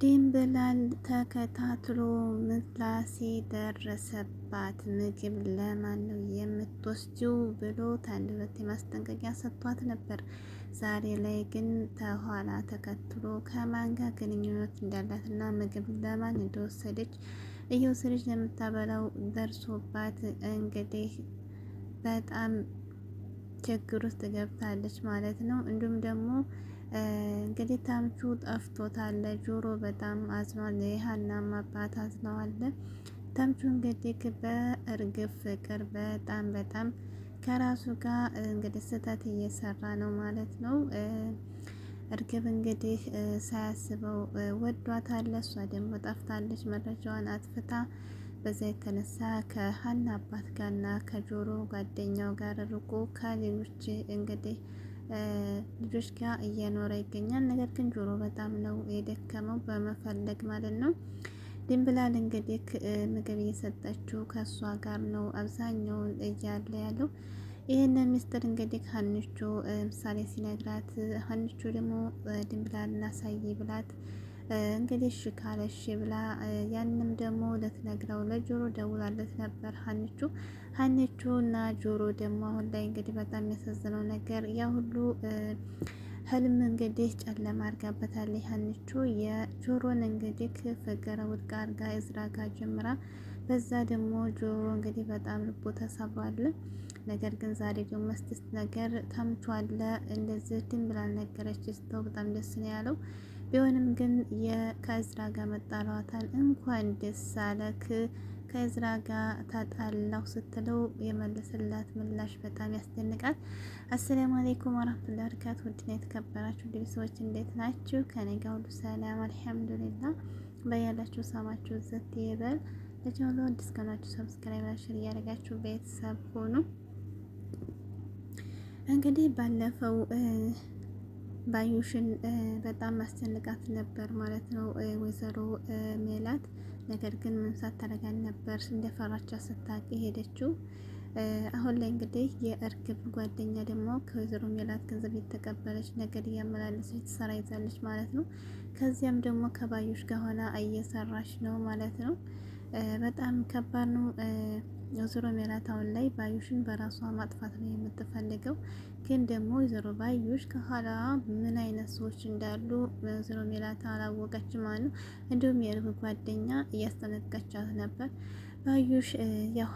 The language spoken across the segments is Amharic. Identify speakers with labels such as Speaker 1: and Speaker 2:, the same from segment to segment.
Speaker 1: ድንብላል ተከታትሎ ምላሴ ደረሰባት። ምግብ ለማን ነው የምትወስጂው ብሎ ታንደበት የማስጠንቀቂያ ሰጥቷት ነበር። ዛሬ ላይ ግን ተኋላ ተከትሎ ከማን ጋር ግንኙነት እንዳላትና ምግብ ለማን እንደወሰደች እየወሰደች ለምታበላው ደርሶባት እንግዲህ በጣም ችግር ውስጥ ገብታለች ማለት ነው። እንዲሁም ደግሞ እንግዲህ ተምቹ ጠፍቶታል። ጆሮ በጣም አዝኗል። የሀናም አባት አዝነዋል። ተምቹ እንግዲህ በእርግብ ፍቅር በጣም በጣም ከራሱ ጋር እንግዲህ ስህተት እየሰራ ነው ማለት ነው። እርግብ እንግዲህ ሳያስበው ወዷታል። እሷ ደግሞ ጠፍታለች፣ መረጃዋን አጥፍታ በዛ የተነሳ ከሀና አባት ጋርና ከጆሮ ጓደኛው ጋር ርቆ ከሌሎች እንግዲህ ልጆች ጋር እየኖረ ይገኛል። ነገር ግን ጆሮ በጣም ነው የደከመው በመፈለግ ማለት ነው። ድንብላል እንግዲህ ምግብ እየሰጠችው ከእሷ ጋር ነው አብዛኛውን እያለ ያለው። ይህንን ሚስጥር እንግዲህ ሀንቹ ምሳሌ ሲነግራት ሀንቹ ደግሞ ድንብላል እናሳይ ብላት እንግዲህ እሺ ካለሽ ብላ ያንም ደግሞ ለትነግረው ለጆሮ ደውላለት ነበር ሀንቹ ሀኒቹ እና ጆሮ ደግሞ አሁን ላይ እንግዲህ በጣም የሚያሳዝነው ነገር ያ ሁሉ ህልም እንግዲህ ጨለማ አድርጋበታለች። ሀኒቹ የጆሮን እንግዲህ ፍቅር ውድቅ አድርጋ እዝራ ጋር ጀምራ በዛ ደግሞ ጆሮ እንግዲህ በጣም ልቦ ተሰብሯል። ነገር ግን ዛሬ ደግሞ መስድስት ነገር ታምቿለ እንደዚህ ድን ብላ ነገረች። ስተው በጣም ደስ ነው ያለው። ቢሆንም ግን ከእዝራ ጋር መጣላዋታን እንኳን ደስ አለክ ከእዝራ ጋር ታጣላሁ ስትለው የመለሰላት ምላሽ በጣም ያስደንቃል። አሰላሙ አሌይኩም ወራህመቱላሂ ወበረካቱ። ውድና የተከበራችሁ ድል ሰዎች እንዴት ናችሁ? ከነጋ ሁሉ ሰላም አልሐምዱሊላ። በያላችሁ ሰማችሁ ዘት ይበል ለቻሉ አዲስ ከሆናችሁ ሰብስክራይብ፣ ሼር እያደረጋችሁ ቤተሰብ ሆኑ። እንግዲህ ባለፈው ባዩሽን በጣም ማስጨንቃት ነበር ማለት ነው ወይዘሮ ሜላት ነገር ግን ምን ሳታረጋል ነበር እንደፈራቻ ስታቅ ሄደችው። አሁን ላይ እንግዲህ የእርግብ ጓደኛ ደግሞ ከወይዘሮ ሜላት ገንዘብ የተቀበለች ነገር እያመላለሰች ትሰራ ይዛለች ማለት ነው። ከዚያም ደግሞ ከባዮች ጋር ሆና እየሰራች ነው ማለት ነው። በጣም ከባድ ነው። ወይዘሮ ሜላት አሁን ላይ ባዩሽን በራሷ ማጥፋት ነው የምትፈልገው። ግን ደግሞ ወይዘሮ ባዩሽ ከኋላ ምን አይነት ሰዎች እንዳሉ ወይዘሮ ሜላት አላወቀች ማለት ነው። እንዲሁም የእርብ ጓደኛ እያስጠነቀቻት ነበር ባዩሽ ያው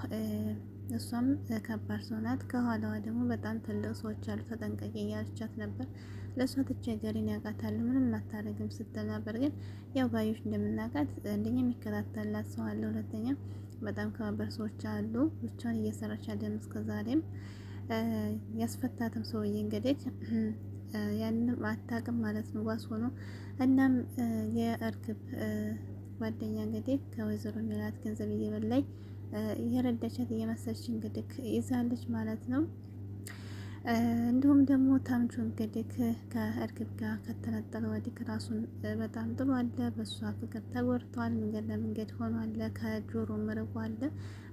Speaker 1: እሷም ከባድ ሰው ናት። ከኋላዋ ደግሞ በጣም ትልቅ ሰዎች አሉ፣ ተጠንቀቂ እያለቻት ነበር። ለእሷ ትቸገሪን ያውቃታል፣ ምንም አታደርግም ስትል ነበር። ግን ያው ባዮች እንደምናውቃት አንደኛ የሚከታተላት ሰው አለ፣ ሁለተኛ በጣም ከባድ ሰዎች አሉ። ብቻዋን እየሰራች እስከ ዛሬም ያስፈታትም ሰውዬ እንግዲህ ያንም አታውቅም ማለት ነው፣ ዋስ ሆኖ እናም የእርግብ ጓደኛ እንግዲህ ከወይዘሮ ሜላት ገንዘብ እየበላኝ የረዳቻት እየመሰለች እንግዲህ ይዛለች ማለት ነው። እንዲሁም ደግሞ ታምቹ እንግዲህ ከእርግብ ጋር ከተነጠለ ወዲህ ራሱን በጣም ጥሎ አለ። በእሷ ፍቅር ተጎድቷል። መንገድ ለመንገድ ሆኖ አለ። ከጆሮም ርቆ አለ።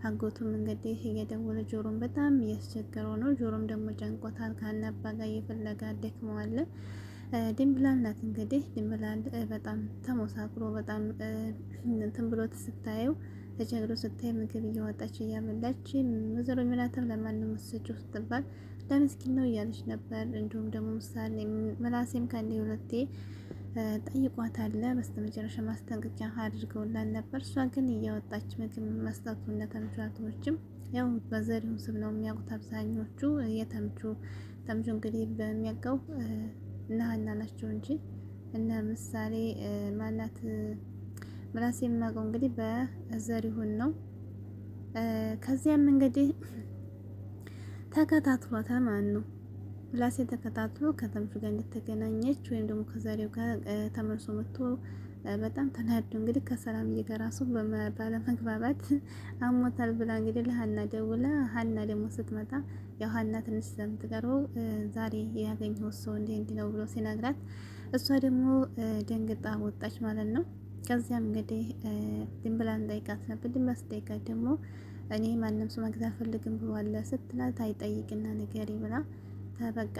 Speaker 1: አጎቱም እንግዲህ እየደወለ ጆሮም በጣም እያስቸገረው ነው። ጆሮም ደግሞ ጨንቆታል። ከአናባ ጋር እየፈለጋ ደክመዋለ። ድንብላል ናት እንግዲህ ድንብላል በጣም ተሞሳክሮ በጣም እንትን ብሎት ስታየው ተቸግሮ ስታይ ምግብ እያወጣች እያበላች ወይዘሮ ሜላትም ለማንም ሰጪው ስትባል ለምስኪን ነው እያለች ነበር። እንዲሁም ደግሞ ምሳሌ መላሴም ከአንዴ ሁለቴ አለ። በስተመጨረሻ ማስጠንቀቂያ አድርገውላል ነበር። እሷ ግን እያወጣች ምግብ መስጠቱና ተምቹቶችም ያው በዘሪሁን ስም ነው የሚያውቁት አብዛኞቹ። የተምቹ ተምቹ እንግዲህ በሚያውቀው እነ ሀና ናቸው እንጂ እነ ምሳሌ ማናት ምላስ የማውቀው እንግዲህ በዘሪሁን ነው። ከዚያም እንግዲህ ተከታትሏታል ማለት ነው። ምላሴ ተከታትሎ ከተምቹ ጋር እንደተገናኘች ወይም ደግሞ ከዛሬው ጋር ተመልሶ መጥቶ በጣም ተናዶ እንግዲህ ከሰላምዬ ጋር ራሱ ባለመግባባት አሞታል ብላ እንግዲህ ለሀና ደውላ፣ ሀና ደግሞ ስትመጣ ያው ሀና ትንሽ ስለምትቀርበው ዛሬ ያገኘው ሰው እንዲህ እንዲህ ነው ብሎ ሲነግራት እሷ ደግሞ ደንግጣ ወጣች ማለት ነው። ከዚያም እንግዲህ ድንብላን ጠይቃት ነበር። ድንብላ ስጠይቃት ደግሞ እኔ ማንም ሰው መግዛት ፈልግም ብሏል ስትላት አይጠይቅና ንገሪ ብላ በቃ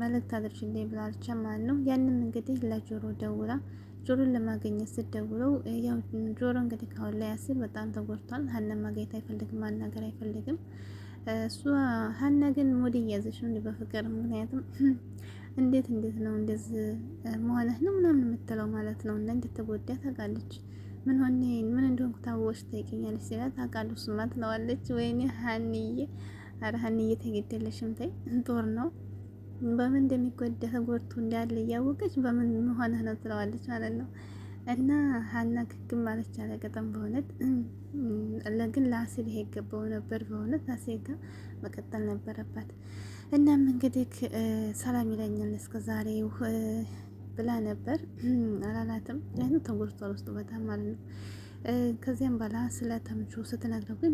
Speaker 1: መልእክት አድርሽልኝ ብላለች ማለት ነው። ያንም እንግዲህ ለጆሮ ደውላ ጆሮን ለማገኘት ስትደውለው ያው ጆሮ እንግዲህ ካሁን ላይ ያስብ በጣም ተጎድቷል። ሀና ማግኘት አይፈልግም፣ ማናገር አይፈልግም። እሱ ሀና ግን ሙድ እያዘች ነው በፍቅር ምክንያቱም እንዴት እንዴት ነው እንደዚህ መሆነህ ነው ምናምን የምትለው ማለት ነው። እና እንድትጎዳ ታውቃለች። ምን ሆነ ምን እንደሆንኩ ታወቅሽ ትጠይቀኛለች ሲላት ታውቃለች እሱማ ትለዋለች። ወይኔ ሀንዬ፣ ኧረ ሀንዬ ተገደለሽም ተይ ጦር ነው በምን እንደሚጎዳ ተጎድቶ እንዳለ እያወቀች በምን መሆንህ ነው ትለዋለች ማለት ነው። እና ሀና ክግም ማለች አለቀጠም በእውነት ለግን ለአሲል ይሄ ገባው ነበር በእውነት አሲል ጋር መቀጠል ነበረባት። እናም እንግዲህ ሰላም ይለኛል እስከ ዛሬው ብላ ነበር አላላትም። ይህን ተንጎርቷል ውስጡ በጣም ማለት ነው። ከዚያም በኋላ ስለ ተምቹ ስትነግረው ግን